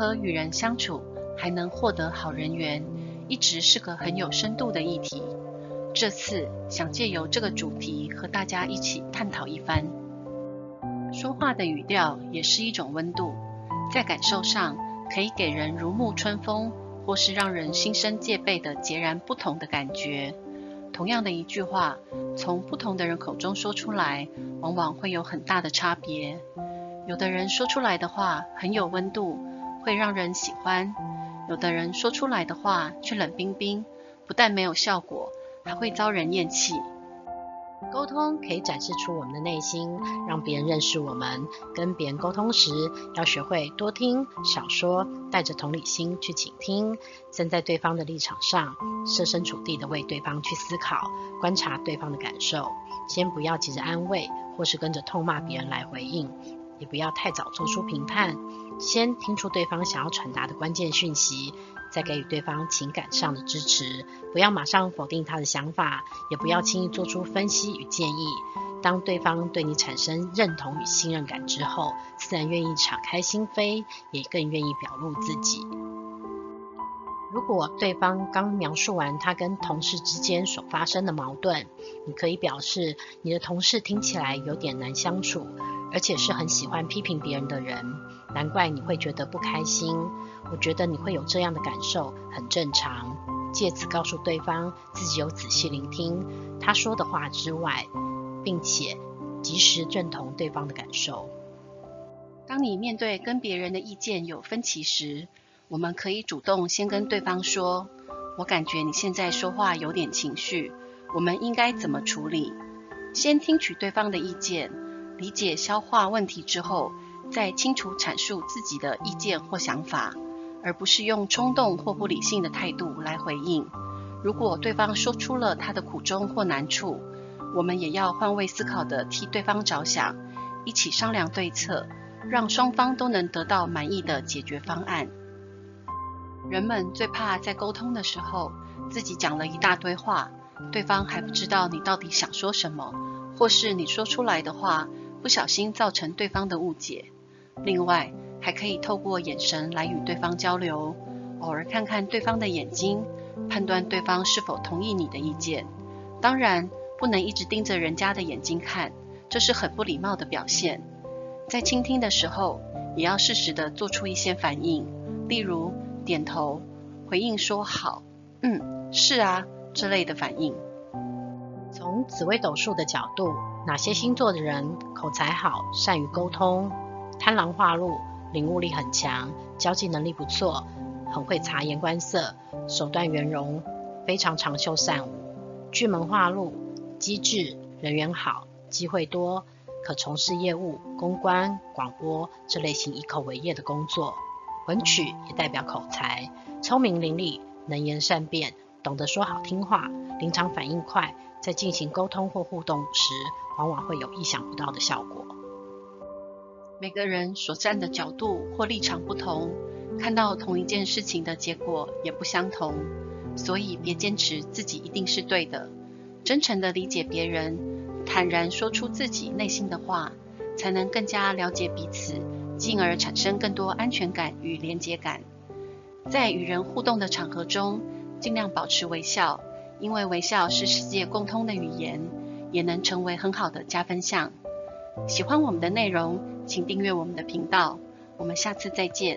和與人相處，還能獲得好人緣，一直是個很有深度的議題。這次想借由這個主題和大家一起探討一番。說話的語調也是一種溫度，在感受上可以給人如沐春風，或是讓人心生戒備的截然不同的感覺。同樣的一句話，從不同的人口中說出來，往往會有很大的差別。有的人說出來的話很有溫度。會讓人喜歡，有的人說出來的話卻冷冰冰，不但沒有效果，還會遭人厭棄。溝通可以展示出我們的內心，讓別人認識我們。跟別人溝通時，要學會多聽少說，帶着同理心去傾聽，站在對方的立場上，設身處地地為對方去思考，觀察對方的感受。先不要急着安慰，或是跟着痛罵別人來回應。也不要太早做出評判，先聽出對方想要傳達的關鍵訊息，再給予對方情感上的支持。不要馬上否定他的想法，也不要輕易做出分析與建議。當對方對你產生認同與信任感之後，自然願意敞開心扉，也更願意表露自己。如果對方剛描述完他跟同事之間所發生的矛盾，你可以表示你的同事聽起來有點難相處。而且是很喜歡批評別人的人，難怪你會覺得不開心。我覺得你會有這樣的感受，很正常。借此告訴對方，自己有仔細聆聽他說的話之外，並且及時認同對方的感受。當你面對跟別人的意見有分歧時，我們可以主動先跟對方說：“我感覺你現在說話有點情緒，我們應該怎麼處理？”先聽取對方的意見。理解消化問題之後，再清楚闡述自己的意見或想法，而不是用衝動或不理性的態度來回應。如果對方說出了他的苦衷或難處，我們也要換位思考地替對方着想，一起商量對策，讓雙方都能得到滿意的解決方案。人們最怕在溝通的時候，自己講了一大堆話，對方還不知道你到底想說什麼，或是你說出來的話，不小心造成對方的誤解。另外，還可以透過眼神來與對方交流，偶爾看看對方的眼睛，判斷對方是否同意你的意見。當然，不能一直盯着人家的眼睛看，這是很不禮貌的表現。在傾聽的時候，也要適時的做出一些反應，例如點頭、回應說“好”、“嗯”、“是啊”之類的反應。從紫微斗數的角度，哪些星座的人口才好，善於溝通？貪狼化祿，領悟力很強，交際能力不錯，很會察言觀色，手段圓融，非常長袖善舞。巨門化祿，機智，人緣好，機會多，可從事業務、公關、廣播這類型以口為業的工作。文曲也代表口才，聰明伶俐，能言善辯。懂得說好聽話，臨場反應快，在進行溝通或互動時，往往會有意想不到的效果。每個人所站的角度或立場不同，看到同一件事情的結果也不相同，所以別堅持自己一定是對的。真誠地理解別人，坦然說出自己內心的話，才能更加了解彼此，進而產生更多安全感與連結感。在與人互動的場合中，盡量保持微笑，因為微笑是世界共通的語言，也能成為很好的加分項。喜歡我們的內容，請訂閱我們的頻道，我們下次再見。